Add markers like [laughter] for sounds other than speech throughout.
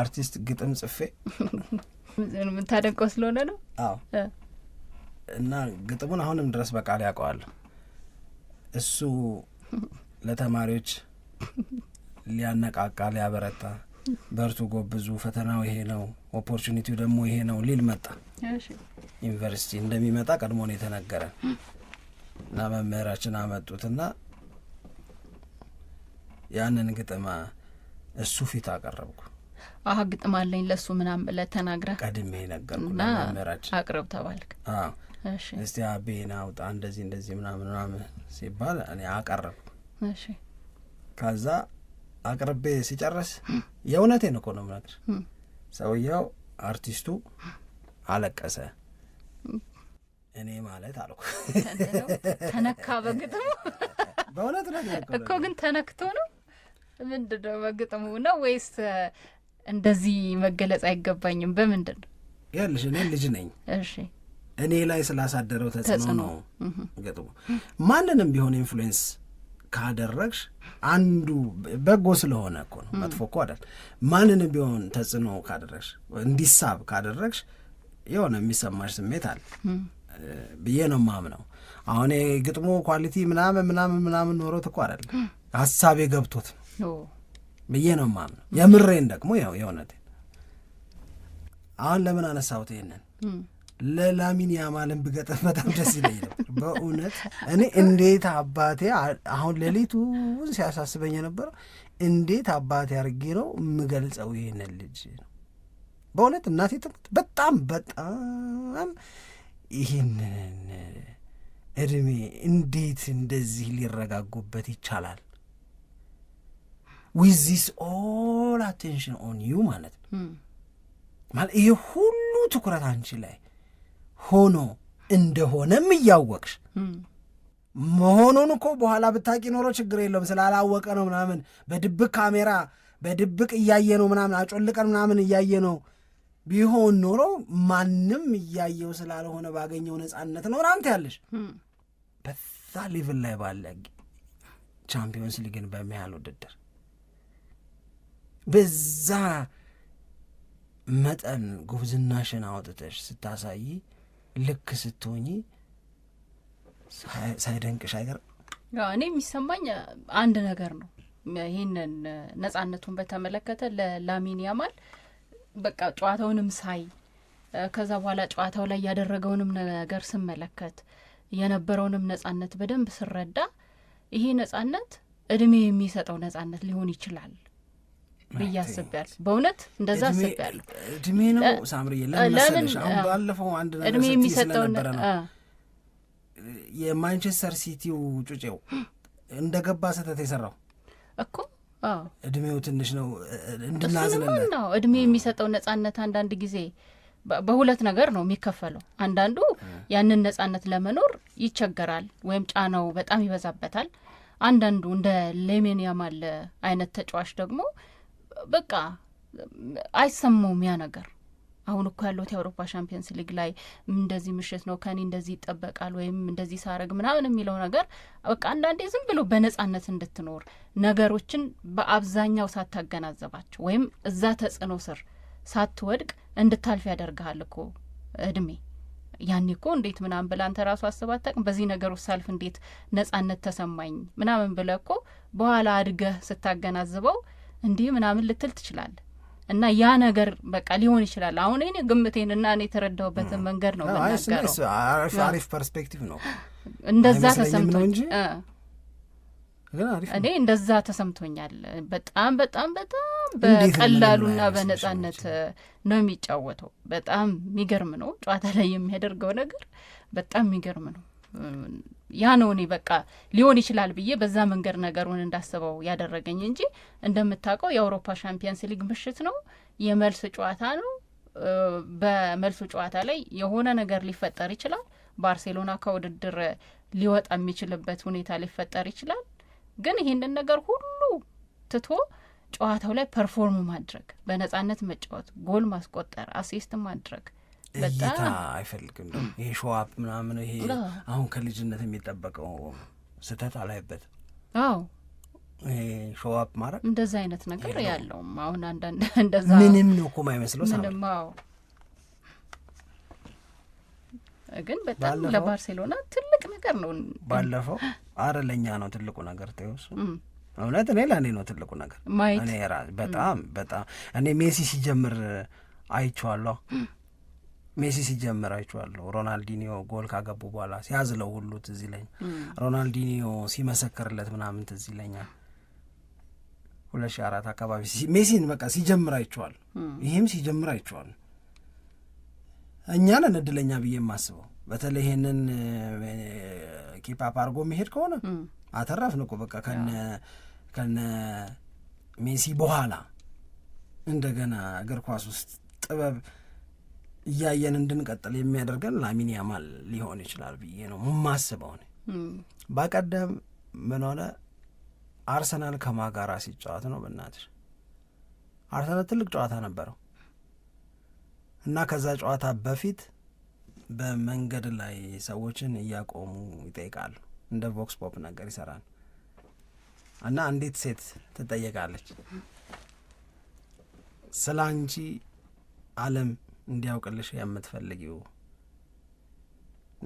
አርቲስት ግጥም ጽፌ [laughs] የምታደንቀው ስለሆነ ነው። አዎ እና ግጥሙን አሁንም ድረስ በቃል ያውቀዋል። እሱ ለተማሪዎች ሊያነቃቃ ሊያበረታ፣ በርቱ ጎብዙ፣ ፈተናው ይሄ ነው፣ ኦፖርቹኒቲው ደግሞ ይሄ ነው ሊል መጣ። ዩኒቨርሲቲ እንደሚመጣ ቀድሞ ነው የተነገረ እና መምህራችን አመጡትና ያንን ግጥም እሱ ፊት አቀረብኩ። አሀ ግጥማለኝ ለሱ ምናምን ብለህ ተናግረህ ቀድሜ ነገርኩና አቅርብ ተባልክ። እስቲ አቤና አውጣ እንደዚህ እንደዚህ ምናምን ምናምን ሲባል እኔ አቀረብ። ከዛ አቅርቤ ሲጨርስ የእውነቴን እኮ ነው ምነግር ሰውየው አርቲስቱ አለቀሰ። እኔ ማለት አልኩ ተነካ። በግጥሙ በእውነት እኮ ግን ተነክቶ ነው ምንድነው በግጥሙ ነው ወይስ እንደዚህ መገለጽ አይገባኝም። በምንድን ነው ያልሽ? እኔ ልጅ ነኝ። እሺ እኔ ላይ ስላሳደረው ተጽዕኖ ነው ገጥሞ ማንንም ቢሆን ኢንፍሉዌንስ ካደረግሽ አንዱ በጎ ስለሆነ እኮ ነው፣ መጥፎ እኮ አይደል። ማንንም ቢሆን ተጽዕኖ ካደረግሽ እንዲሳብ ካደረግሽ የሆነ የሚሰማሽ ስሜት አለ ብዬ ነው የማምነው። አሁን ግጥሞ ኳሊቲ ምናምን ምናምን ምናምን ኖሮት እኮ አይደለም፣ ሀሳቤ ገብቶት ነው ብዬ ነው የማምነው። የምሬን ደግሞ ያው የእውነቴን አሁን ለምን አነሳሁት? ይሄንን ለላሚን ያማልን ብገጥም በጣም ደስ ይለኝ ነበር በእውነት እኔ እንዴት አባቴ አሁን ሌሊቱን ሲያሳስበኝ የነበረው እንዴት አባቴ አድርጌ ነው የምገልጸው ይህንን ልጅ ነው በእውነት እናቴ ትምህርት በጣም በጣም ይህንን እድሜ እንዴት እንደዚህ ሊረጋጉበት ይቻላል ዊዚስ ኦል አቴንሽን ኦን ዩ ማለት ነው። hmm. ማለት ይህ ሁሉ ትኩረት አንቺ ላይ ሆኖ እንደሆነም እያወቅሽ hmm. መሆኑን እኮ በኋላ ብታቂ ኖሮ ችግር የለውም ስላላወቀ ነው ምናምን በድብቅ ካሜራ በድብቅ እያየ ነው ምናምን አጮልቀን ምናምን እያየ ነው ቢሆን ኖሮ ማንም እያየው ስላልሆነ ባገኘው ነፃነት ነው አንተ ያለሽ hmm. በዛ ሌቭል ላይ ባለ ቻምፒዮንስ ሊግን በሚያህል ውድድር በዛ መጠን ጉብዝናሽን አውጥተሽ ስታሳይ ልክ ስትሆኚ ሳይደንቅሽ አይገር። እኔ የሚሰማኝ አንድ ነገር ነው። ይህንን ነጻነቱን በተመለከተ ለላሚን ያማል በቃ ጨዋታውንም ሳይ ከዛ በኋላ ጨዋታው ላይ ያደረገውንም ነገር ስመለከት የነበረውንም ነጻነት በደንብ ስረዳ ይሄ ነጻነት እድሜ የሚሰጠው ነጻነት ሊሆን ይችላል ብዬ አስቤያለሁ። በእውነት እንደዛ አስቤያለሁ። እድሜ ነው ሳምሪ ለምን አሁን ባለፈው አንድ ነገር ስለነበረ ነው የማንቸስተር ሲቲው ጩጬው [gasps] እንደገባ ስህተት የሰራው እኮ እድሜው ትንሽ ነው እንድናዝንለት ነው። እድሜ የሚሰጠው ነጻነት አንዳንድ ጊዜ በሁለት ነገር ነው የሚከፈለው። አንዳንዱ ያንን ነጻነት ለመኖር ይቸገራል ወይም ጫናው በጣም ይበዛበታል። አንዳንዱ እንደ ሌሜን ያማል አይነት ተጫዋች ደግሞ በቃ አይሰማውም ያ ነገር። አሁን እኮ ያለሁት የአውሮፓ ሻምፒየንስ ሊግ ላይ እንደዚህ ምሽት ነው ከኔ እንደዚህ ይጠበቃል ወይም እንደዚህ ሳረግ ምናምን የሚለው ነገር በቃ አንዳንዴ ዝም ብሎ በነጻነት እንድትኖር ነገሮችን በአብዛኛው ሳታገናዘባቸው ወይም እዛ ተጽዕኖ ስር ሳትወድቅ እንድታልፍ ያደርግሃል እኮ እድሜ። ያኔ እኮ እንዴት ምናምን ብለህ አንተ ራሱ አስበህ አታውቅም። በዚህ ነገር ውስጥ ሳልፍ እንዴት ነጻነት ተሰማኝ ምናምን ብለህ እኮ በኋላ አድገህ ስታገናዝበው እንዲህ ምናምን ልትል ትችላለህ። እና ያ ነገር በቃ ሊሆን ይችላል። አሁን ይኔ ግምቴን እና እኔ የተረዳሁበትን መንገድ ነው ብናገረው አሪፍ ፐርስፔክቲቭ ነው። እንደዛ ተሰምቶኝ እኔ እንደዛ ተሰምቶኛል። በጣም በጣም በጣም በቀላሉና በነጻነት ነው የሚጫወተው። በጣም የሚገርም ነው። ጨዋታ ላይ የሚያደርገው ነገር በጣም የሚገርም ነው። ያ ነው እኔ በቃ ሊሆን ይችላል ብዬ በዛ መንገድ ነገሩን እንዳስበው ያደረገኝ እንጂ እንደምታውቀው የአውሮፓ ሻምፒየንስ ሊግ ምሽት ነው፣ የመልስ ጨዋታ ነው። በመልሱ ጨዋታ ላይ የሆነ ነገር ሊፈጠር ይችላል። ባርሴሎና ከውድድር ሊወጣ የሚችልበት ሁኔታ ሊፈጠር ይችላል። ግን ይህንን ነገር ሁሉ ትቶ ጨዋታው ላይ ፐርፎርም ማድረግ፣ በነጻነት መጫወት፣ ጎል ማስቆጠር፣ አሲስት ማድረግ እይታ አይፈልግም። ደሞ ይሄ ሾዋፕ ምናምን ይሄ አሁን ከልጅነት የሚጠበቀው ስህተት አላይበት። አዎ ሾዋፕ ማድረግ እንደዛ አይነት ነገር ያለውም አሁን አንዳንድ [laughs] እንደዛ ምንም ነው እኮ ማይመስለው ምንም። አዎ ግን በጣም ለባርሴሎና ትልቅ ነገር ነው። ባለፈው አረ ለእኛ ነው ትልቁ ነገር ቴዎስ እውነት እኔ ለእኔ ነው ትልቁ ነገር ማየት። እኔ በጣም በጣም እኔ ሜሲ ሲጀምር አይቼዋለሁ ሜሲ ሲጀምር አይቼዋለሁ። ሮናልዲኒዮ ጎል ካገቡ በኋላ ሲያዝለው ሁሉ ትዝ ይለኛል። ሮናልዲኒዮ ሲመሰክርለት ምናምን ትዝ ይለኛል። ሁለት ሺህ አራት አካባቢ ሜሲን በቃ ሲጀምር አይቼዋለሁ። ይህም ሲጀምር አይቼዋለሁ። እኛ ነን እድለኛ ብዬ የማስበው በተለይ ይሄንን ኪፓፕ አድርጎ መሄድ ከሆነ አተረፍን እኮ በቃ ከነ ሜሲ በኋላ እንደገና እግር ኳስ ውስጥ ጥበብ እያየን እንድንቀጥል የሚያደርገን ላሚን ያማል ሊሆን ይችላል ብዬ ነው ማስበው። በቀደም ምን ሆነ? አርሰናል ከማጋራ ሲጫወት ነው በእናትሽ አርሰናል ትልቅ ጨዋታ ነበረው እና ከዛ ጨዋታ በፊት በመንገድ ላይ ሰዎችን እያቆሙ ይጠይቃሉ። እንደ ቮክስ ፖፕ ነገር ይሰራል እና አንዲት ሴት ትጠየቃለች ስለ አንቺ አለም እንዲያውቅልሽ የምትፈልጊው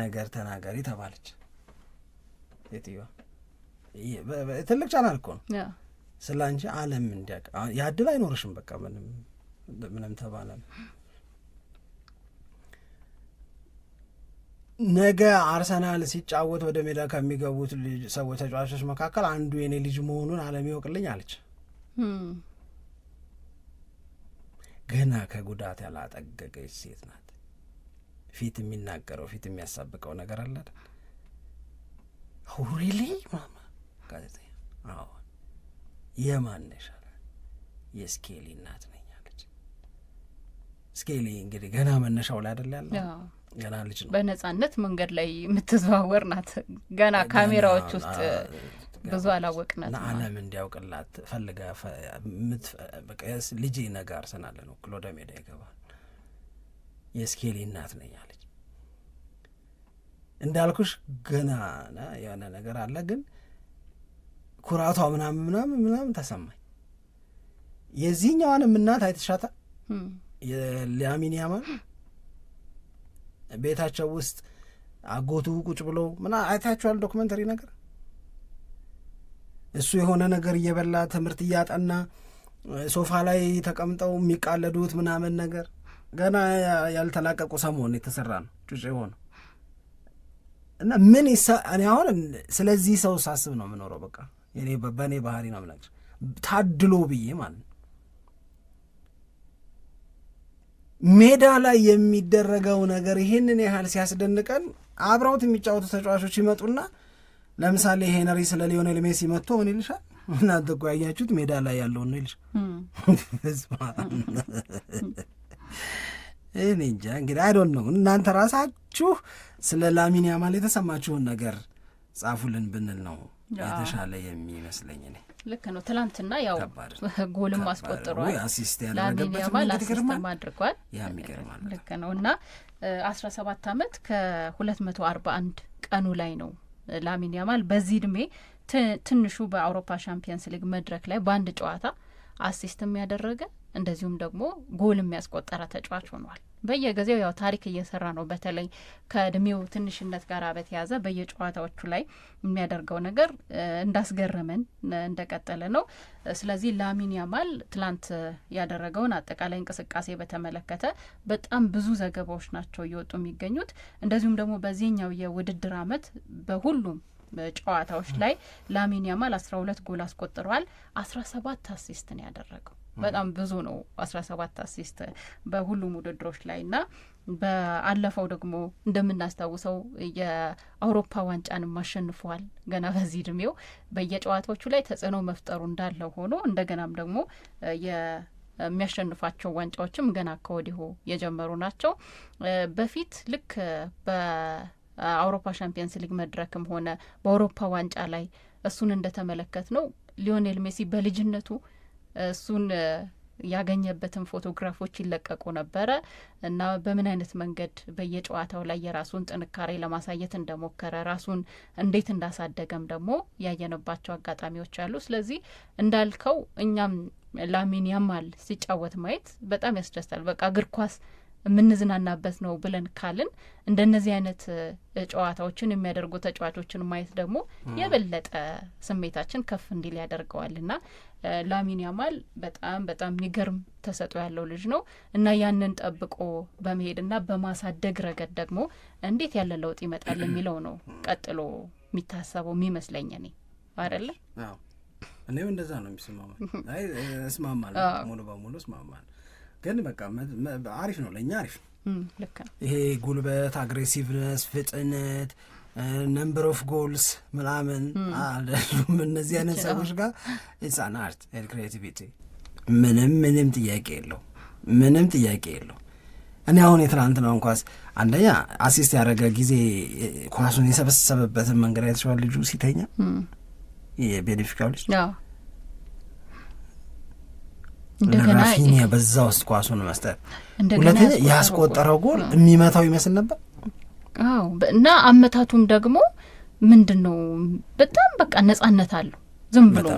ነገር ተናገሪ ተባለች። ሴትዮዋ ትልቅ ቻናል እኮ ነው ስለ አንቺ ዓለም እንዲያውቅ የአድል አይኖርሽም። በቃ ምንም ምንም ተባለ ነገ አርሰናል ሲጫወት ወደ ሜዳ ከሚገቡት ሰዎች ተጫዋቾች መካከል አንዱ የኔ ልጅ መሆኑን ዓለም ይወቅልኝ አለች። ገና ከጉዳት ያላጠገገች ሴት ናት። ፊት የሚናገረው ፊት የሚያሳብቀው ነገር አላት። ሁሪሊ ማማ ጋዜጠኛ አሁን የማነሽ የስኬሊ እናት ነኝ አለች። ስኬሊ እንግዲህ ገና መነሻው ላይ አደለ ያለ ገና ልጅ ነው። በነጻነት መንገድ ላይ የምትዘዋወር ናት። ገና ካሜራዎች ውስጥ ብዙ አላወቅነት ለዓለም እንዲያውቅላት ፈልጋ ልጅ ነገ አርሰናልን ወክሎ ወደ ሜዳ ይገባል የስኬሊ እናት ነኝ አለች። እንዳልኩሽ ገና የሆነ ነገር አለ ግን ኩራቷ ምናምን ምናምን ምናምን ተሰማኝ። የዚህኛዋንም እናት አይተሻታ የላሚን ያማል ቤታቸው ውስጥ አጎቱ ቁጭ ብሎ ምና አይታችኋል? ዶክመንተሪ ነገር እሱ የሆነ ነገር እየበላ ትምህርት እያጠና ሶፋ ላይ ተቀምጠው የሚቃለዱት ምናምን ነገር ገና ያልተላቀቁ ሰሞን የተሰራ ነው ጩጭ የሆነ እና ምን እኔ አሁን ስለዚህ ሰው ሳስብ ነው የምኖረው። በቃ በእኔ ባህሪ ነው ምናምን ታድሎ ብዬ ማለት ነው። ሜዳ ላይ የሚደረገው ነገር ይህንን ያህል ሲያስደንቀን አብረውት የሚጫወቱ ተጫዋቾች ይመጡና ለምሳሌ ሄነሪ ስለ ሊዮኔል ሜሲ መጥቶ ምን ይልሻል? እናንተ እኮ ያያችሁት ሜዳ ላይ ያለውን ነው ይልሻል። እኔ እንጃ እንግዲህ አይዶን ነው። እናንተ ራሳችሁ ስለ ላሚን ያማል የተሰማችሁን ነገር ጻፉልን ብንል ነው የተሻለ የሚመስለኝ። እኔ ልክ ነው። ትላንትና ያው ጎልም አስቆጥሯል፣ አሲስት አድርጓል። ልክ ነው እና አስራ ሰባት አመት ከሁለት መቶ አርባ አንድ ቀኑ ላይ ነው ላሚን ያማል በዚህ እድሜ ትንሹ በአውሮፓ ሻምፒየንስ ሊግ መድረክ ላይ በአንድ ጨዋታ አሲስትም ያደረገ እንደዚሁም ደግሞ ጎል የሚያስቆጠረ ተጫዋች ሆኗል። በየጊዜው ያው ታሪክ እየሰራ ነው። በተለይ ከእድሜው ትንሽነት ጋር በተያዘ በየጨዋታዎቹ ላይ የሚያደርገው ነገር እንዳስገረመን እንደቀጠለ ነው። ስለዚህ ላሚን ያማል ትላንት ያደረገውን አጠቃላይ እንቅስቃሴ በተመለከተ በጣም ብዙ ዘገባዎች ናቸው እየወጡ የሚገኙት። እንደዚሁም ደግሞ በዚህኛው የውድድር ዓመት በሁሉም ጨዋታዎች ላይ ላሚን ያማል አስራ ሁለት ጎል አስቆጥረዋል። አስራ ሰባት አሲስትን ያደረገው በጣም ብዙ ነው። አስራ ሰባት አሲስት በሁሉም ውድድሮች ላይ እና በአለፈው ደግሞ እንደምናስታውሰው የአውሮፓ ዋንጫንም አሸንፏል። ገና በዚህ እድሜው በየጨዋታዎቹ ላይ ተጽዕኖ መፍጠሩ እንዳለው ሆኖ እንደገናም ደግሞ የሚያሸንፋቸው ዋንጫዎችም ገና ከወዲሁ የጀመሩ ናቸው። በፊት ልክ በአውሮፓ ሻምፒየንስ ሊግ መድረክም ሆነ በአውሮፓ ዋንጫ ላይ እሱን እንደተመለከት ነው ሊዮኔል ሜሲ በልጅነቱ እሱን ያገኘበትን ፎቶግራፎች ይለቀቁ ነበረ እና በምን አይነት መንገድ በየጨዋታው ላይ የራሱን ጥንካሬ ለማሳየት እንደሞከረ ራሱን እንዴት እንዳሳደገም ደግሞ ያየነባቸው አጋጣሚዎች አሉ። ስለዚህ እንዳልከው እኛም ላሚን ያማል ሲጫወት ማየት በጣም ያስደስታል። በቃ እግር ኳስ የምንዝናናበት ነው ብለን ካልን እንደነዚህ አይነት ጨዋታዎችን የሚያደርጉ ተጫዋቾችን ማየት ደግሞ የበለጠ ስሜታችን ከፍ እንዲል ያደርገዋል እና ላሚን ያማል በጣም በጣም የሚገርም ተሰጦ ያለው ልጅ ነው እና ያንን ጠብቆ በመሄድ በማሳደግ ረገድ ደግሞ እንዴት ያለ ለውጥ ይመጣል የሚለው ነው ቀጥሎ የሚታሰበው የሚመስለኝ እኔ አይደለ እኔም እንደዛ ነው የሚስማማ እስማማለሁ ሙሉ በሙሉ እስማማለሁ ግን በቃ አሪፍ ነው፣ ለእኛ አሪፍ ነው። ይሄ ጉልበት፣ አግሬሲቭነስ፣ ፍጥነት፣ ነምበር ኦፍ ጎልስ ምናምን አለም እነዚህ አይነት ሰዎች ጋር ኢትሳን አርት ኤንድ ክሬቲቪቲ ምንም ምንም ጥያቄ የለው፣ ምንም ጥያቄ የለው። እኔ አሁን የትናንትናውን ኳስ አንደኛ አሲስት ያደረገ ጊዜ ኳሱን የሰበሰበበትን መንገድ አይተሸዋል። ልጁ ሲተኛ የቤኔፊካው ልጅ ራፊኒያ በዛ ውስጥ ኳሱን መስጠት እውነት ያስቆጠረው ጎል የሚመታው ይመስል ነበር። አዎ እና አመታቱም ደግሞ ምንድን ነው በጣም በቃ ነጻነት አለው ዝም ብሎ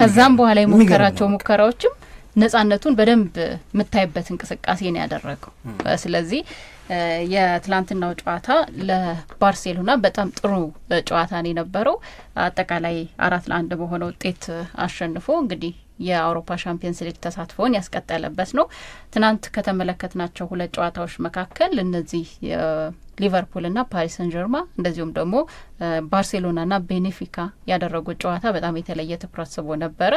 ከዛም በኋላ የሞከራቸው ሙከራዎችም ነጻነቱን በደንብ የምታይበት እንቅስቃሴ ነው ያደረገው። ስለዚህ የትላንትናው ጨዋታ ለባርሴሎና በጣም ጥሩ ጨዋታ ነው የነበረው። አጠቃላይ አራት ለአንድ በሆነ ውጤት አሸንፎ እንግዲህ የአውሮፓ ሻምፒየንስ ሊግ ተሳትፎውን ያስቀጠለበት ነው። ትናንት ከተመለከትናቸው ሁለት ጨዋታዎች መካከል እነዚህ ሊቨርፑልና ፓሪስ ሰን ጀርማ እንደዚሁም ደግሞ ባርሴሎናና ቤኔፊካ ያደረጉት ጨዋታ በጣም የተለየ ትኩረት ስቦ ነበረ።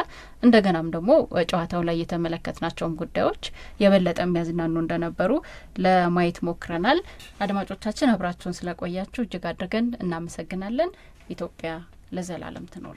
እንደገናም ደግሞ ጨዋታው ላይ የተመለከትናቸውም ጉዳዮች የበለጠ የሚያዝናኑ እንደነበሩ ለማየት ሞክረናል። አድማጮቻችን አብራችሁን ስለቆያችሁ እጅግ አድርገን እናመሰግናለን። ኢትዮጵያ ለዘላለም ትኖር።